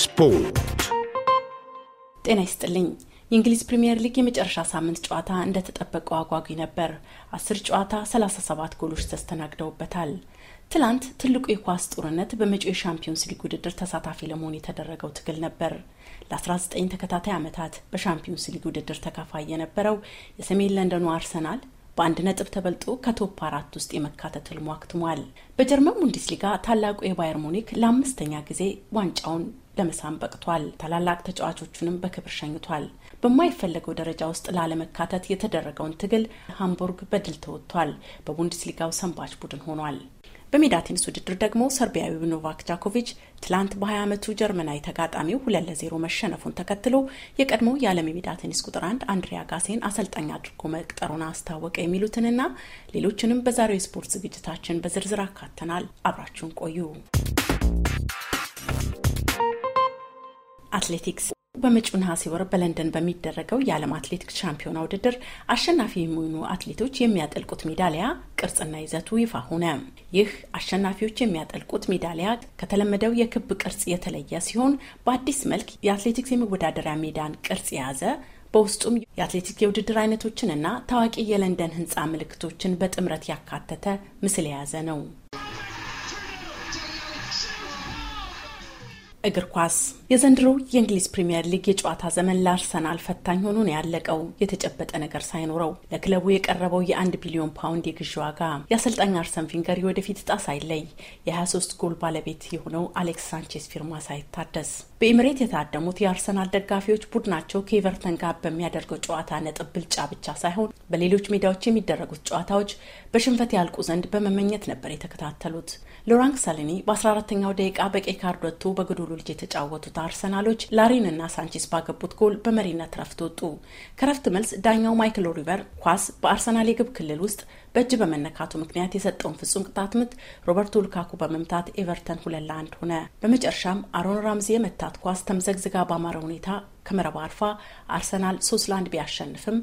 ስፖርት ጤና ይስጥልኝ። የእንግሊዝ ፕሪምየር ሊግ የመጨረሻ ሳምንት ጨዋታ እንደተጠበቀው አጓጊ ነበር። አስር ጨዋታ 37 ጎሎች ተስተናግደውበታል። ትላንት ትልቁ የኳስ ጦርነት በመጪው የሻምፒዮንስ ሊግ ውድድር ተሳታፊ ለመሆን የተደረገው ትግል ነበር። ለ19 ተከታታይ ዓመታት በሻምፒዮንስ ሊግ ውድድር ተካፋይ የነበረው የሰሜን ለንደኑ አርሰናል በአንድ ነጥብ ተበልጦ ከቶፕ አራት ውስጥ የመካተት ህልሙ አክትሟል። በጀርመን ቡንደስሊጋ ታላቁ የባየር ሙኒክ ለአምስተኛ ጊዜ ዋንጫውን ለመሳም በቅቷል። ታላላቅ ተጫዋቾቹንም በክብር ሸኝቷል። በማይፈለገው ደረጃ ውስጥ ላለመካተት የተደረገውን ትግል ሃምቡርግ በድል ተወጥቷል። በቡንደስሊጋው ሰንባች ቡድን ሆኗል። በሜዳ ቴኒስ ውድድር ደግሞ ሰርቢያዊው ኖቫክ ጃኮቪች ትላንት በ20 ዓመቱ ጀርመናዊ ተጋጣሚው ሁለት ለዜሮ መሸነፉን ተከትሎ የቀድሞው የዓለም የሜዳ ቴኒስ ቁጥር አንድ አንድሪያ ጋሴን አሰልጣኝ አድርጎ መቅጠሩን አስታወቀ። የሚሉትንና ሌሎችንም በዛሬው የስፖርት ዝግጅታችን በዝርዝር አካተናል። አብራችሁን ቆዩ። አትሌቲክስ በመጪው ነሐሴ ወር በለንደን በሚደረገው የዓለም አትሌቲክስ ሻምፒዮና ውድድር አሸናፊ የሚሆኑ አትሌቶች የሚያጠልቁት ሜዳሊያ ቅርጽና ይዘቱ ይፋ ሆነ። ይህ አሸናፊዎች የሚያጠልቁት ሜዳሊያ ከተለመደው የክብ ቅርጽ የተለየ ሲሆን በአዲስ መልክ የአትሌቲክስ የመወዳደሪያ ሜዳን ቅርጽ የያዘ በውስጡም የአትሌቲክስ የውድድር አይነቶችንና ታዋቂ የለንደን ህንፃ ምልክቶችን በጥምረት ያካተተ ምስል የያዘ ነው። እግር ኳስ የዘንድሮው የእንግሊዝ ፕሪምየር ሊግ የጨዋታ ዘመን ለአርሰናል ፈታኝ ሆኖ ነው ያለቀው። የተጨበጠ ነገር ሳይኖረው ለክለቡ የቀረበው የአንድ ቢሊዮን ፓውንድ የግዢ ዋጋ የአሰልጣኝ አርሰን ፊንገር የወደፊት እጣ ሳይለይ የ23 ጎል ባለቤት የሆነው አሌክስ ሳንቼስ ፊርማ ሳይታደስ በኤምሬት የታደሙት የአርሰናል ደጋፊዎች ቡድናቸው ከኤቨርተን ጋር በሚያደርገው ጨዋታ ነጥብ ብልጫ ብቻ ሳይሆን በሌሎች ሜዳዎች የሚደረጉት ጨዋታዎች በሽንፈት ያልቁ ዘንድ በመመኘት ነበር የተከታተሉት። ሎራንክ ሰልኒ በ14ኛው ደቂቃ በቀይ ካርድ ወጥቶ በግዱ ሙሉ ልጅ የተጫወቱት አርሰናሎች ላሪን እና ሳንቼስ ባገቡት ጎል በመሪነት ረፍት ወጡ። ከረፍት መልስ ዳኛው ማይክል ኦሊቨር ኳስ በአርሰናል የግብ ክልል ውስጥ በእጅ በመነካቱ ምክንያት የሰጠውን ፍጹም ቅጣት ምት ሮበርቶ ሉካኩ በመምታት ኤቨርተን ሁለት ለአንድ ሆነ። በመጨረሻም አሮን ራምዚ የመታት ኳስ ተምዘግዝጋ ባማረ ሁኔታ ከመረባ አልፋ አርሰናል ሶስት ለአንድ ቢያሸንፍም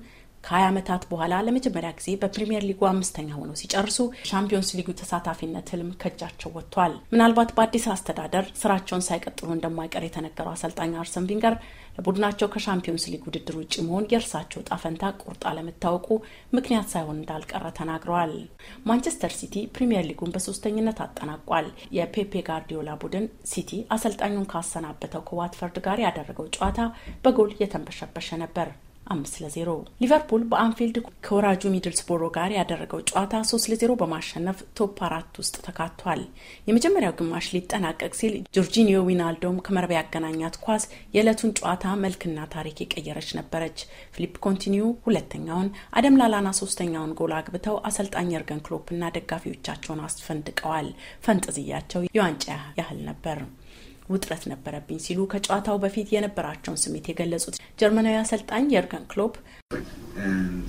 ከ20 ዓመታት በኋላ ለመጀመሪያ ጊዜ በፕሪምየር ሊጉ አምስተኛ ሆነው ሲጨርሱ ሻምፒዮንስ ሊጉ ተሳታፊነት ህልም ከእጃቸው ወጥቷል። ምናልባት በአዲስ አስተዳደር ስራቸውን ሳይቀጥሉ እንደማይቀር የተነገረው አሰልጣኝ አርሰን ቪንገር ለቡድናቸው ከሻምፒዮንስ ሊግ ውድድር ውጭ መሆን የእርሳቸው ጣፈንታ ቁርጥ አለመታወቁ ምክንያት ሳይሆን እንዳልቀረ ተናግረዋል። ማንቸስተር ሲቲ ፕሪምየር ሊጉን በሶስተኝነት አጠናቋል። የፔፔ ጋርዲዮላ ቡድን ሲቲ አሰልጣኙን ካሰናበተው ከዋትፈርድ ጋር ያደረገው ጨዋታ በጎል የተንበሸበሸ ነበር። አምስት ለዜሮ ሊቨርፑል በአንፊልድ ከወራጁ ሚድልስቦሮ ጋር ያደረገው ጨዋታ ሶስት ለዜሮ በማሸነፍ ቶፕ አራት ውስጥ ተካቷል። የመጀመሪያው ግማሽ ሊጠናቀቅ ሲል ጆርጂኒዮ ዊናልዶም ከመረብ ያገናኛት ኳስ የዕለቱን ጨዋታ መልክና ታሪክ የቀየረች ነበረች። ፊሊፕ ኮንቲኒው ሁለተኛውን፣ አደም ላላና ሶስተኛውን ጎል አግብተው አሰልጣኝ የርገን ክሎፕና ደጋፊዎቻቸውን አስፈንድቀዋል። ፈንጥዝያቸው የዋንጫ ያህል ነበር። ውጥረት ነበረብኝ ሲሉ ከጨዋታው በፊት የነበራቸውን ስሜት የገለጹት ጀርመናዊ አሰልጣኝ የርገን ክሎፕ um,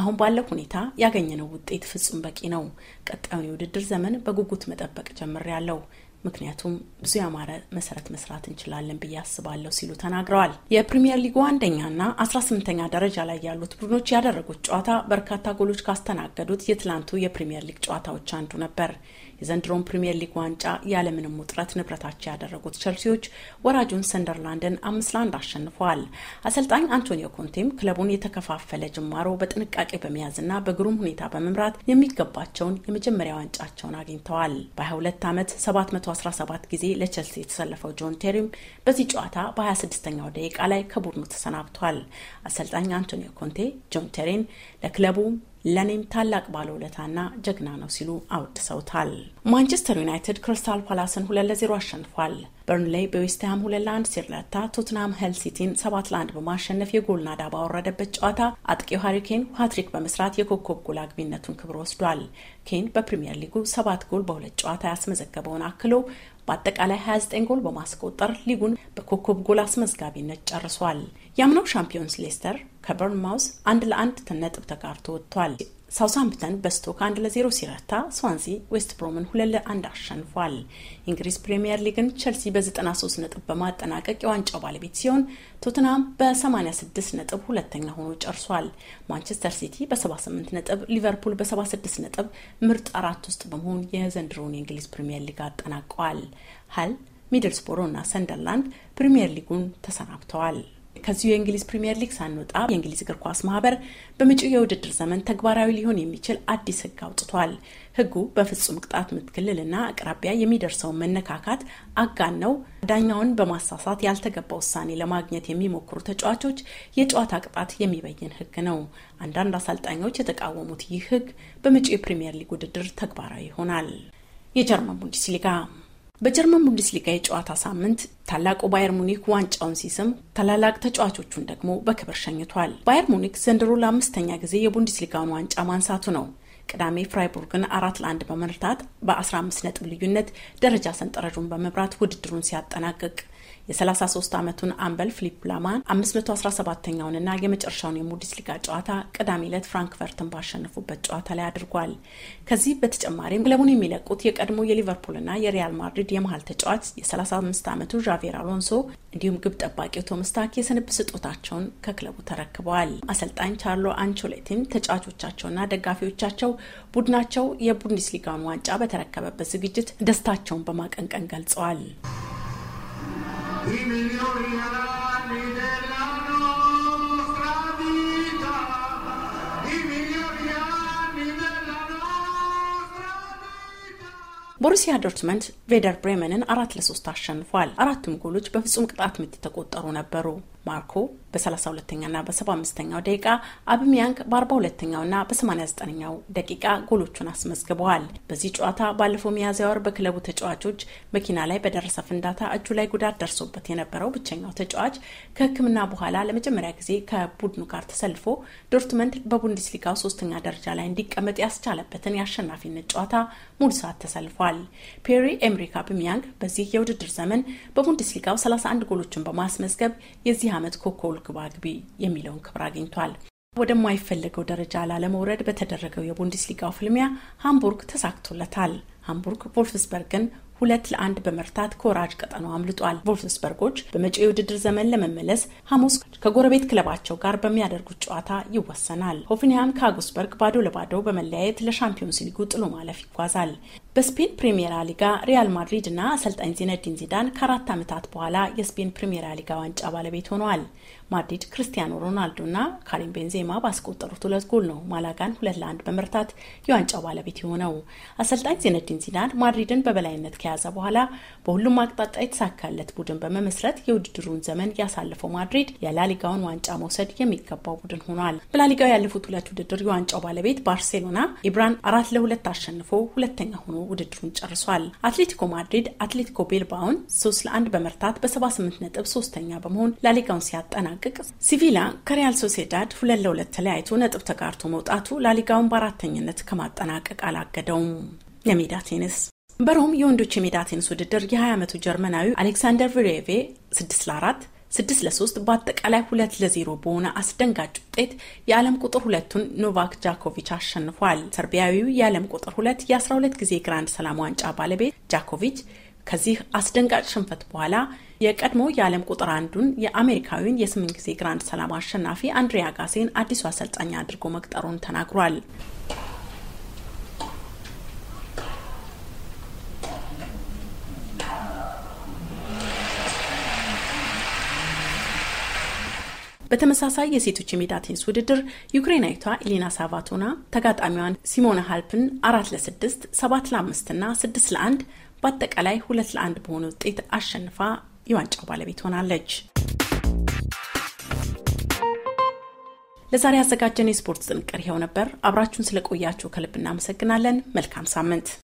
አሁን ባለው ሁኔታ ያገኘነው ውጤት ፍጹም በቂ ነው። ቀጣዩን የውድድር ዘመን በጉጉት መጠበቅ ጀምሬያለሁ። ምክንያቱም ብዙ ያማረ መሰረት መስራት እንችላለን ብዬ አስባለሁ ሲሉ ተናግረዋል። የፕሪምየር ሊጉ አንደኛና አስራ ስምንተኛ ደረጃ ላይ ያሉት ቡድኖች ያደረጉት ጨዋታ በርካታ ጎሎች ካስተናገዱት የትላንቱ የፕሪምየር ሊግ ጨዋታዎች አንዱ ነበር። የዘንድሮን ፕሪምየር ሊግ ዋንጫ ያለምንም ውጥረት ንብረታቸው ያደረጉት ቸልሲዎች ወራጁን ሰንደርላንድን አምስት ለአንድ አሸንፈዋል። አሰልጣኝ አንቶኒዮ ኮንቴም ክለቡን የተከፋፈለ ጅማሮ በጥንቃቄ በመያዝና በግሩም ሁኔታ በመምራት የሚገባቸውን የመጀመሪያ ዋንጫቸውን አግኝተዋል። በ22 ዓመት 117 ጊዜ ለቸልሲ የተሰለፈው ጆን ቴሪም በዚህ ጨዋታ በ26ኛው ደቂቃ ላይ ከቡድኑ ተሰናብቷል። አሰልጣኝ አንቶኒዮ ኮንቴ ጆን ቴሪን ለክለቡ ለእኔም ታላቅ ባለውለታና ጀግና ነው ሲሉ አወድሰውታል። ማንቸስተር ዩናይትድ ክሪስታል ፓላስን ሁለት ለዜሮ አሸንፏል። በርንሌይ በዌስትሃም ሁለት ለአንድ ሲረታ፣ ቶትናም ሄል ሲቲን ሰባት ለአንድ በማሸነፍ የጎል ናዳ ባወረደበት ጨዋታ አጥቂው ሃሪኬን ሀትሪክ በመስራት የኮከብ ጎል አግቢነቱን ክብር ወስዷል። ኬን በፕሪምየር ሊጉ ሰባት ጎል በሁለት ጨዋታ ያስመዘገበውን አክሎ በአጠቃላይ 29 ጎል በማስቆጠር ሊጉን በኮከብ ጎል አስመዝጋቢነት ጨርሷል። የአምናው ሻምፒዮንስ ሌስተር ከበርንማውስ አንድ ለአንድ ነጥብ ተጋርቶ ወጥቷል። ሳውሳምፕተን በስቶክ አንድ ለዜሮ ሲረታ ስዋንሲ ዌስት ብሮምን ሁለት ለአንድ አሸንፏል። እንግሊዝ ፕሪምየር ሊግን ቸልሲ በ93 ነጥብ በማጠናቀቅ የዋንጫው ባለቤት ሲሆን ቶትናም በ86 ነጥብ ሁለተኛ ሆኖ ጨርሷል። ማንቸስተር ሲቲ በ78 ነጥብ፣ ሊቨርፑል በ76 ነጥብ ምርጥ አራት ውስጥ በመሆን የዘንድሮውን የእንግሊዝ ፕሪምየር ሊግ አጠናቀዋል። ሀል፣ ሚድልስቦሮ እና ሰንደርላንድ ፕሪምየር ሊጉን ተሰናብተዋል። ከዚሁ የእንግሊዝ ፕሪምየር ሊግ ሳንወጣ የእንግሊዝ እግር ኳስ ማህበር በመጪው የውድድር ዘመን ተግባራዊ ሊሆን የሚችል አዲስ ህግ አውጥቷል። ህጉ በፍጹም ቅጣት ምት ክልልና አቅራቢያ የሚደርሰውን መነካካት ነው። ዳኛውን በማሳሳት ያልተገባ ውሳኔ ለማግኘት የሚሞክሩ ተጫዋቾች የጨዋታ ቅጣት የሚበይን ህግ ነው። አንዳንድ አሰልጣኞች የተቃወሙት ይህ ህግ በመጪው የፕሪምየር ሊግ ውድድር ተግባራዊ ይሆናል። የጀርመን ቡንደስሊጋ በጀርመን ቡንደስሊጋ የጨዋታ ሳምንት ታላቁ ባየር ሙኒክ ዋንጫውን ሲስም ታላላቅ ተጫዋቾቹን ደግሞ በክብር ሸኝቷል። ባየር ሙኒክ ዘንድሮ ለአምስተኛ ጊዜ የቡንደስሊጋውን ዋንጫ ማንሳቱ ነው። ቅዳሜ ፍራይቡርግን አራት ለአንድ በመርታት በ15 ነጥብ ልዩነት ደረጃ ሰንጠረዡን በመብራት ውድድሩን ሲያጠናቅቅ የ33 ዓመቱን አምበል ፊሊፕ ላማን 517ኛውንና የመጨረሻውን የሙዲስ ሊጋ ጨዋታ ቅዳሜ ዕለት ፍራንክፈርትን ባሸነፉበት ጨዋታ ላይ አድርጓል። ከዚህ በተጨማሪም ክለቡን የሚለቁት የቀድሞ የሊቨርፑልና የሪያል ማድሪድ የመሃል ተጫዋች የ35 ዓመቱ ዣቬር አሎንሶ እንዲሁም ግብ ጠባቂው ቶምስታክ የስንብ ስጦታቸውን ከክለቡ ተረክበዋል። አሰልጣኝ ቻርሎ አንቾሌቲም ተጫዋቾቻቸውና ደጋፊዎቻቸው ቡድናቸው ሊጋውን ዋንጫ በተረከበበት ዝግጅት ደስታቸውን በማቀንቀን ገልጸዋል። ቦሩሲያ ዶርትመንድ ቬደር ብሬመንን አራት ለሶስት አሸንፏል። አራቱም ጎሎች በፍጹም ቅጣት ምት የተቆጠሩ ነበሩ። ማርኮ በ32ኛና በ75ኛው ደቂቃ አብሚያንግ በ42ኛውና በ89ኛው ደቂቃ ጎሎቹን አስመዝግበዋል። በዚህ ጨዋታ ባለፈው ሚያዝያ ወር በክለቡ ተጫዋቾች መኪና ላይ በደረሰ ፍንዳታ እጁ ላይ ጉዳት ደርሶበት የነበረው ብቸኛው ተጫዋች ከሕክምና በኋላ ለመጀመሪያ ጊዜ ከቡድኑ ጋር ተሰልፎ ዶርትመንድ በቡንደስሊጋው ሶስተኛ ደረጃ ላይ እንዲቀመጥ ያስቻለበትን የአሸናፊነት ጨዋታ ሙሉ ሰዓት ተሰልፏል። ፔሪ ኤምሪክ አብሚያንግ በዚህ የውድድር ዘመን በቡንደስሊጋው 31 ጎሎችን በማስመዝገብ የዚህ የዚህ ዓመት ኮከብ ግባ ግቢ የሚለውን ክብር አግኝቷል። ወደማይፈለገው ደረጃ ላለመውረድ በተደረገው የቡንደስሊጋው ፍልሚያ ሃምቡርግ ተሳክቶለታል። ሃምቡርግ ቮልፍስበርግን ሁለት ለአንድ በመርታት ከወራጅ ቀጠናው አምልጧል። ቮልፍስበርጎች በመጪው የውድድር ዘመን ለመመለስ ሐሙስ ከጎረቤት ክለባቸው ጋር በሚያደርጉት ጨዋታ ይወሰናል። ሆፍንያም ከአጉስበርግ ባዶ ለባዶ በመለያየት ለሻምፒዮንስ ሊጉ ጥሎ ማለፍ ይጓዛል። በስፔን ፕሪሚየራ ሊጋ ሪያል ማድሪድ እና አሰልጣኝ ዚነዲን ዚዳን ከአራት ዓመታት በኋላ የስፔን ፕሪሚየራ ሊጋ ዋንጫ ባለቤት ሆነዋል። ማድሪድ ክርስቲያኖ ሮናልዶ እና ካሪም ቤንዜማ ባስቆጠሩት ሁለት ጎል ነው ማላጋን ሁለት ለአንድ በመርታት የዋንጫው ባለቤት የሆነው። አሰልጣኝ ዚነዲን ዚዳን ማድሪድን በበላይነት ከያዘ በኋላ በሁሉም አቅጣጫ የተሳካለት ቡድን በመመስረት የውድድሩን ዘመን ያሳለፈው ማድሪድ የላሊጋውን ዋንጫ መውሰድ የሚገባው ቡድን ሆኗል። በላሊጋው ያለፉት ሁለት ውድድር የዋንጫው ባለቤት ባርሴሎና ኢብራን አራት ለሁለት አሸንፎ ሁለተኛ ሆኖ ውድድሩን ጨርሷል። አትሌቲኮ ማድሪድ አትሌቲኮ ቤልባውን ለ1 በመርታት በ78 ነጥብ ሶስተኛ በመሆን ላሊጋውን ሲያጠናቅቅ፣ ሲቪላ ከሪያል ሶሴዳድ ሁለት ለሁለት ተለያይቶ ነጥብ ተጋርቶ መውጣቱ ላሊጋውን በአራተኝነት ከማጠናቀቅ አላገደውም። የሜዳ ቴኒስ በሮም የወንዶች የሜዳ ቴኒስ ውድድር የ20 ዓመቱ ጀርመናዊ አሌክሳንደር ቪሬቬ 6 ለ4 ስድስት ለሶስት በአጠቃላይ ሁለት ለዜሮ በሆነ አስደንጋጭ ውጤት የዓለም ቁጥር ሁለቱን ኖቫክ ጃኮቪች አሸንፏል። ሰርቢያዊው የዓለም ቁጥር ሁለት የ12 ጊዜ ግራንድ ሰላም ዋንጫ ባለቤት ጃኮቪች ከዚህ አስደንጋጭ ሽንፈት በኋላ የቀድሞ የዓለም ቁጥር አንዱን የአሜሪካዊውን የስምንት ጊዜ ግራንድ ሰላም አሸናፊ አንድሪያ ጋሴን አዲሱ አሰልጣኝ አድርጎ መቅጠሩን ተናግሯል። በተመሳሳይ የሴቶች የሜዳ ቴኒስ ውድድር ዩክሬናዊቷ ኢሊና ሳቫቶና ተጋጣሚዋን ሲሞና ሃልፕን አራት ለስድስት ሰባት ለአምስት ና ስድስት ለአንድ በአጠቃላይ ሁለት ለአንድ በሆነ ውጤት አሸንፋ የዋንጫው ባለቤት ሆናለች። ለዛሬ ያዘጋጀን የስፖርት ጥንቅር ይኸው ነበር። አብራችሁን ስለቆያችሁ ከልብ እናመሰግናለን። መልካም ሳምንት።